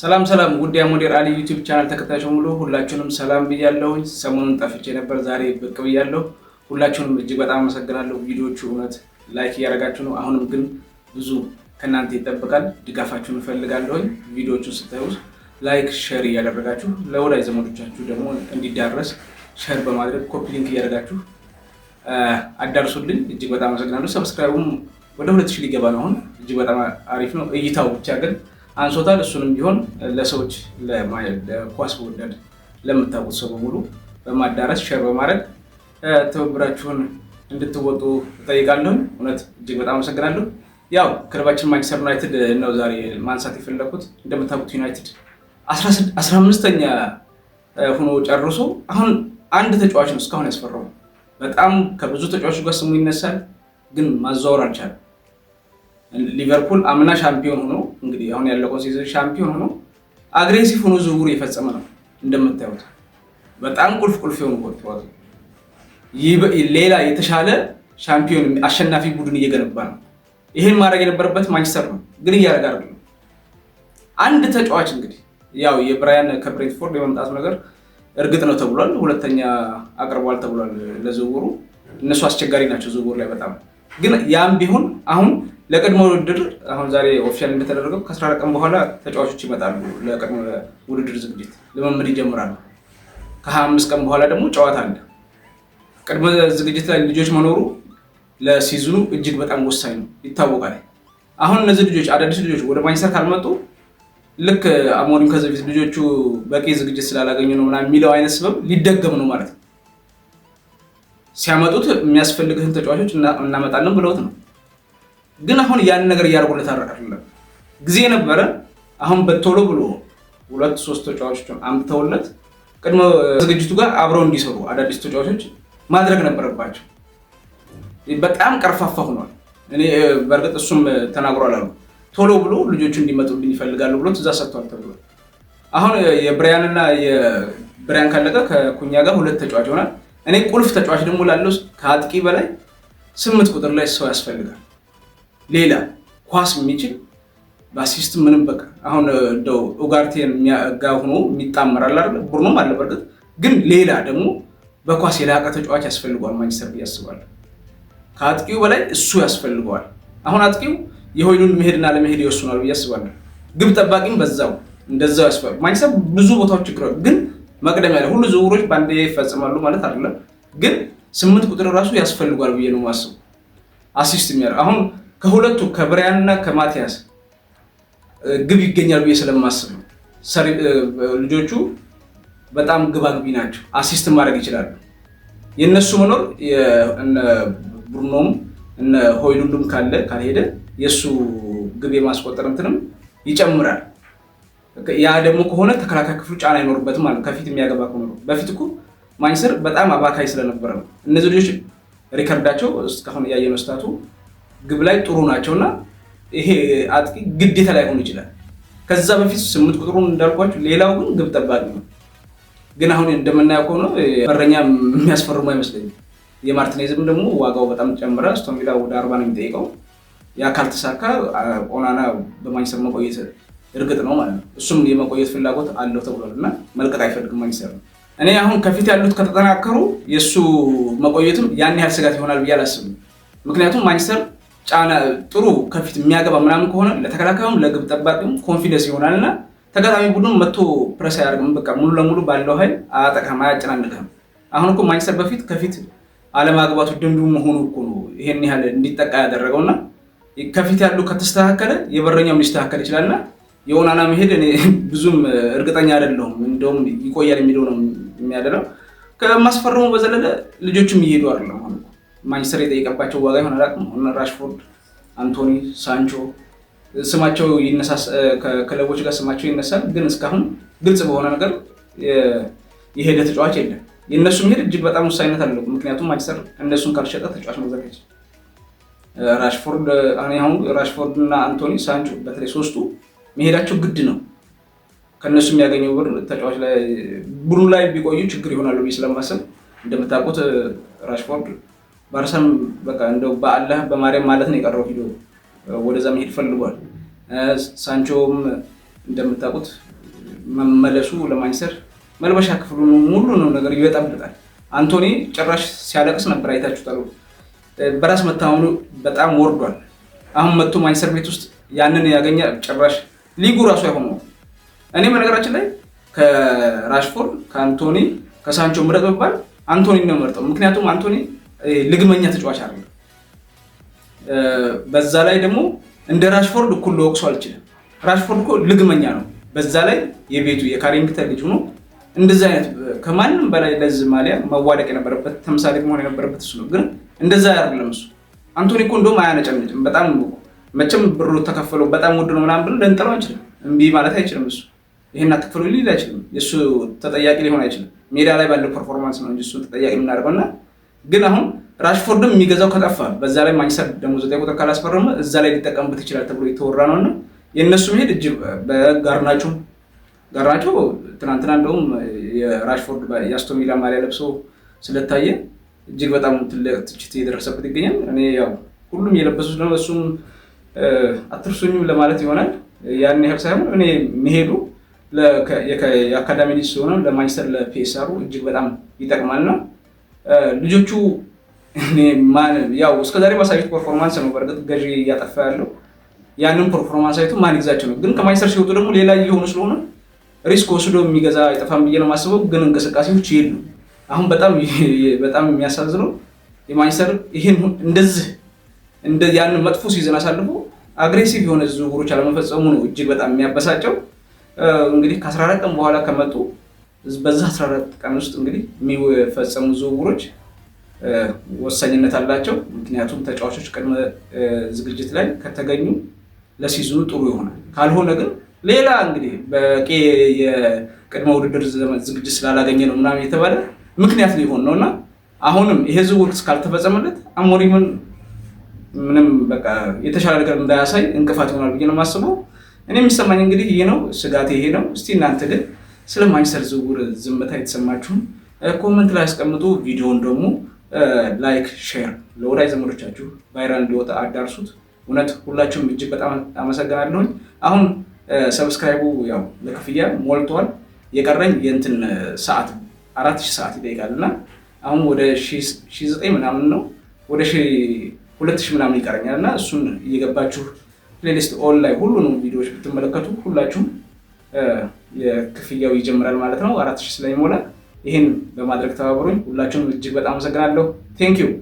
ሰላም ሰላም ጉዳይ ሞዴር አሊ ዩቲዩብ ቻናል ተከታዮች ሙሉ ሁላችሁንም ሰላም ብያለሁኝ። ሰሞኑን ጠፍቼ ነበር፣ ዛሬ ብቅ ብያለሁ። ሁላችሁንም እጅግ በጣም አመሰግናለሁ። ቪዲዮቹ እውነት ላይክ እያደረጋችሁ ነው። አሁንም ግን ብዙ ከእናንተ ይጠበቃል፣ ድጋፋችሁን እፈልጋለሁኝ። ቪዲዮቹን ስታዩ ላይክ፣ ሸር እያደረጋችሁ ለወዳጅ ዘመዶቻችሁ ደግሞ እንዲዳረስ ሼር በማድረግ ኮፒ ሊንክ እያደረጋችሁ አዳርሱልኝ። እጅግ በጣም አመሰግናለሁ። ሰብስክራይቡም ወደ ሁለት ሺህ ሊገባ ነው አሁን። እጅግ በጣም አሪፍ ነው እይታው ብቻ ግን አንሶታል። እሱንም ቢሆን ለሰዎች ለኳስ መውደድ ለምታውቁት ሰው በሙሉ በማዳረስ ሸር በማድረግ ትብብራችሁን እንድትወጡ እጠይቃለሁ እውነት እጅግ በጣም አመሰግናለሁ። ያው ክለባችን ማንቸስተር ዩናይትድ ነው ዛሬ ማንሳት የፈለኩት። እንደምታውቁት ዩናይትድ አስራ አምስተኛ ሆኖ ጨርሶ አሁን አንድ ተጫዋች ነው እስካሁን ያስፈራው። በጣም ከብዙ ተጫዋቾች ጋር ስሙ ይነሳል፣ ግን ማዘዋወር አልቻለም። ሊቨርፑል አምና ሻምፒዮን ሆኖ እንግዲህ አሁን ያለቀው ሲዝን ሻምፒዮን ሆኖ አግሬሲቭ ሆኖ ዝውውር እየፈጸመ ነው። እንደምታዩት በጣም ቁልፍ ቁልፍ የሆኑ ወጥተዋል። ሌላ የተሻለ ሻምፒዮን አሸናፊ ቡድን እየገነባ ነው። ይሄን ማድረግ የነበረበት ማንቸስተር ነው፣ ግን እያደረገ አንድ ተጫዋች እንግዲህ ያው የብራያን ከብሬንትፎርድ የመምጣቱ ነገር እርግጥ ነው ተብሏል። ሁለተኛ አቅርቧል ተብሏል ለዝውውሩ። እነሱ አስቸጋሪ ናቸው ዝውውር ላይ በጣም ግን ያም ቢሆን አሁን ለቅድመ ውድድር አሁን ዛሬ ኦፊሻል እንደተደረገው ከስራ ቀን በኋላ ተጫዋቾች ይመጣሉ። ለቅድመ ውድድር ዝግጅት ልምምድ ይጀምራሉ። ከሀያ አምስት ቀን በኋላ ደግሞ ጨዋታ አለ። ቅድመ ዝግጅት ላይ ልጆች መኖሩ ለሲዝኑ እጅግ በጣም ወሳኝ ነው፣ ይታወቃል። አሁን እነዚህ ልጆች አዳዲስ ልጆች ወደ ማንችስተር ካልመጡ ልክ አሞሪም ከዚህ በፊት ልጆቹ በቂ ዝግጅት ስላላገኙ ነው ምናምን የሚለው አይነት ስበብ ሊደገም ነው ማለት ነው። ሲያመጡት የሚያስፈልግህን ተጫዋቾች እናመጣለን ብለውት ነው ግን አሁን ያን ነገር እያደረጉለት አይደለም። ጊዜ ነበረ። አሁን በቶሎ ብሎ ሁለት ሶስት ተጫዋቾች አምጥተውለት ቅድመ ዝግጅቱ ጋር አብረው እንዲሰሩ አዳዲስ ተጫዋቾች ማድረግ ነበረባቸው። በጣም ቀርፋፋ ሆኗል። እኔ በእርግጥ እሱም ተናግሯል አሉ ቶሎ ብሎ ልጆቹ እንዲመጡብኝ ይፈልጋሉ ብሎ ትእዛዝ ሰጥቷል ተብሏል። አሁን የብሪያንና የብሪያን ካለቀ ከኩኛ ጋር ሁለት ተጫዋች ይሆናል። እኔ ቁልፍ ተጫዋች ደግሞ ላለው ከአጥቂ በላይ ስምንት ቁጥር ላይ ሰው ያስፈልጋል። ሌላ ኳስ የሚችል በአሲስት ምንም በቃ አሁን እንደው ኡጋርቴን ጋር ሆኖ የሚጣመራል አለ ቡርኖም አለ በርግጥ ግን ሌላ ደግሞ በኳስ የላቀ ተጫዋች ያስፈልገዋል ማንቸስተር ብዬ አስባለሁ። ከአጥቂው በላይ እሱ ያስፈልገዋል። አሁን አጥቂው የሆይሉን መሄድና ለመሄድ ይወስናል ብዬ አስባለሁ። ግብ ጠባቂም በዛው እንደዛው ያስፈልጋል። ማንቸስተር ብዙ ቦታዎች ችግር ግን መቅደም ያለ ሁሉ ዝውውሮች በአንዴ ይፈጽማሉ ማለት አይደለም። ግን ስምንት ቁጥር ራሱ ያስፈልጓል ብዬ ነው ማስቡ አሲስት የሚያደርግ አሁን ከሁለቱ ከብሪያን እና ከማቲያስ ግብ ይገኛል ብዬ ስለማስብ ነው። ልጆቹ በጣም ግባግቢ ናቸው፣ አሲስት ማድረግ ይችላሉ። የእነሱ መኖር ቡርኖም እነ ሆይሉንዱም ካለ ካልሄደ የእሱ ግብ የማስቆጠር እንትንም ይጨምራል። ያ ደግሞ ከሆነ ተከላካይ ክፍሉ ጫና አይኖርበትም ማለት ከፊት የሚያገባ ከሆነ በፊት እኮ ማንችስተር በጣም አባካይ ስለነበረ ነው። እነዚህ ልጆች ሪከርዳቸው እስካሁን እያየ መስታቱ ግብ ላይ ጥሩ ናቸው እና ይሄ አጥቂ ግዴታ ላይ ይችላል። ከዛ በፊት ስምንት ቁጥሩን እንዳልኳችሁ፣ ሌላው ግን ግብ ጠባቂ ነው። ግን አሁን እንደምናየው ከሆነ በረኛ የሚያስፈርሙ አይመስለኝም። የማርቲኔዝም ደግሞ ዋጋው በጣም ጨምረ ስቶንቪላ ወደ አርባ ነው የሚጠይቀው። የአካል ተሳካ ኦናና በማንችስተር መቆየት እርግጥ ነው ማለት ነው። እሱም የመቆየት ፍላጎት አለው ተብሏል እና መልቀቅ አይፈልግም ማንችስተር ነው። እኔ አሁን ከፊት ያሉት ከተጠናከሩ የእሱ መቆየትም ያን ያህል ስጋት ይሆናል ብዬ አላስብም። ምክንያቱም ማንችስተር ጫና ጥሩ ከፊት የሚያገባ ምናምን ከሆነ ለተከላካዩም ለግብ ጠባቂውም ኮንፊደንስ ይሆናል ይሆናልና ተጋጣሚ ቡድኑ መቶ ፕረስ አያደርግም። በቃ ሙሉ ለሙሉ ባለው ኃይል አያጠቃም፣ አያጨናንቅም። አሁን እኮ ማንቸስተር በፊት ከፊት አለማግባቱ ደንዱ መሆኑ እኮ ነው ይሄን ያህል እንዲጠቃ ያደረገው ያደረገውና ከፊት ያሉ ከተስተካከለ የበረኛውም ሊስተካከል ይችላል ይችላልና የኦናና መሄድ እኔ ብዙም እርግጠኛ አይደለሁም። እንደውም ይቆያል የሚለው ነው የሚያደለው ከማስፈረሙ በዘለለ ልጆቹም እየሄዱ አይደለም ማንቸስተር የጠየቀባቸው ዋጋ የሆነ ራሽፎርድ፣ አንቶኒ፣ ሳንቾ ስማቸው ከክለቦች ጋር ስማቸው ይነሳል፣ ግን እስካሁን ግልጽ በሆነ ነገር የሄደ ተጫዋች የለም። የእነሱ መሄድ እጅግ በጣም ወሳኝነት አለው። ምክንያቱም ማንቸስተር እነሱን ካልሸጠ ተጫዋች መዘጋጅ አይችል። ራሽፎርድ አሁን ራሽፎርድ እና አንቶኒ ሳንቾ በተለይ ሶስቱ መሄዳቸው ግድ ነው። ከእነሱ የሚያገኘው ብር ተጫዋች ላይ ቡድኑ ላይ ቢቆዩ ችግር ይሆናሉ ብዬ ስለማሰብ እንደምታውቁት ራሽፎርድ ባርሰም በቃ እንደ በአላህ በማርያም ማለት ነው የቀረው ሂዶ ወደዛ መሄድ ፈልጓል። ሳንቾም እንደምታውቁት መመለሱ ለማንስተር መልበሻ ክፍሉ ሙሉ ነው ነገር ይበጣብጣል። አንቶኒ ጭራሽ ሲያለቅስ ነበር አይታችሁታል። በራስ መታመኑ በጣም ወርዷል። አሁን መጥቶ ማንቸስተር ቤት ውስጥ ያንን ያገኘ ጭራሽ ሊጉ ራሱ አይሆነው። እኔ በነገራችን ላይ ከራሽፎርድ ከአንቶኒ ከሳንቾ ምረጥ መባል አንቶኒ ነው መርጠው። ምክንያቱም አንቶኒ ልግመኛ ተጫዋች አለ። በዛ ላይ ደግሞ እንደ ራሽፎርድ እኩል ለወቅሶ አልችልም። ራሽፎርድ እኮ ልግመኛ ነው። በዛ ላይ የቤቱ የካሪንግተን ልጅ ሆኖ እንደዚህ አይነት ከማንም በላይ ለዚህ ማሊያ መዋደቅ የነበረበት ተምሳሌ መሆን የነበረበት እሱ ነው። ግን እንደዛ አይደለም። እሱ አንቶኒ እኮ እንደውም አያነጨምጭም። በጣም መቼም ብሩ ተከፈለው በጣም ውድ ነው ምናምን ብለን ልንጠለው አይችልም። እምቢ ማለት አይችልም። እሱ ይህን አትክፈሉ ሊል አይችልም። የእሱ ተጠያቂ ሊሆን አይችልም። ሜዳ ላይ ባለው ፐርፎርማንስ ነው እንጂ እሱ ተጠያቂ የምናደርገው እና ግን አሁን ራሽፎርድም የሚገዛው ከጠፋ በዛ ላይ ማንቸስተር ደግሞ ዘጠኝ ቁጥር ካላስፈረመ እዛ ላይ ሊጠቀምበት ይችላል ተብሎ የተወራ ነው እና የእነሱ መሄድ እጅ በጋርናቾ ጋርናቾ ትናንትና እንደውም የራሽፎርድ የአስቶን ሚላን ማሊያ ለብሶ ስለታየ እጅግ በጣም ትልቅ ትችት እየደረሰበት ይገኛል። እኔ ያው ሁሉም የለበሱት ነው እሱም አትርሱኝም ለማለት ይሆናል። ያን ያህል ሳይሆን እኔ መሄዱ የአካዳሚ ልጅ ሲሆነ ለማንቸስተር ለፒኤስአሩ እጅግ በጣም ይጠቅማል ነው ልጆቹ ያው እስከዛሬ ማሳየት ፐርፎርማንስ ነው። በእርግጥ ገዢ እያጠፋ ያለው ያንን ፐርፎርማንስ አይቶ ማን ይግዛቸው ነው። ግን ከማይሰር ሲወጡ ደግሞ ሌላ እየሆኑ ስለሆነ ሪስክ ወስዶ የሚገዛ አይጠፋም ብዬ ነው የማስበው። ግን እንቅስቃሴዎች የሉ። አሁን በጣም በጣም የሚያሳዝነው የማይሰር ይህን እንደዚህ ያንን መጥፎ ሲዝን አሳልፎ አግሬሲቭ የሆነ ዝውውሮች አለመፈጸሙ ነው እጅግ በጣም የሚያበሳጨው። እንግዲህ ከ14 ቀን በኋላ ከመጡ በዛ 14 ቀን ውስጥ እንግዲህ የሚፈጸሙ ዝውውሮች ወሳኝነት አላቸው። ምክንያቱም ተጫዋቾች ቅድመ ዝግጅት ላይ ከተገኙ ለሲዝኑ ጥሩ ይሆናል። ካልሆነ ግን ሌላ እንግዲህ በቂ የቅድመ ውድድር ዝግጅት ስላላገኘ ነው ምናምን የተባለ ምክንያት ሊሆን ነው እና አሁንም ይሄ ዝውውር እስካልተፈጸመለት አሞሪምን ምንም በቃ የተሻለ ነገር እንዳያሳይ እንቅፋት ይሆናል ብዬ ነው የማስበው። እኔ የሚሰማኝ እንግዲህ ይህ ነው፣ ስጋት ይሄ ነው። እስቲ እናንተ ግን ስለ ማንቸስተር ዝውውር ዝምታ የተሰማችሁን ኮመንት ላይ አስቀምጡ። ቪዲዮውን ደግሞ ላይክ፣ ሼር ለወዳጅ ዘመዶቻችሁ ቫይራል እንዲወጣ አዳርሱት። እውነት ሁላችሁም እጅግ በጣም አመሰግናለሁኝ። አሁን ሰብስክራይቡ ያው ለክፍያ ሞልቷል። የቀረኝ የእንትን ሰዓት አራት ሺህ ሰዓት ይጠይቃል እና አሁን ወደ ሺህ ዘጠኝ ምናምን ነው ወደ ሁለት ሺህ ምናምን ይቀረኛል እና እሱን እየገባችሁ ፕሌሊስት ኦል ላይ ሁሉንም ቪዲዮዎች ብትመለከቱ ሁላችሁም የክፍያው ይጀምራል ማለት ነው። አራት ሺህ ስለሚሞላ ይህን በማድረግ ተባበሩኝ። ሁላችሁም እጅግ በጣም አመሰግናለሁ። ቴንኪው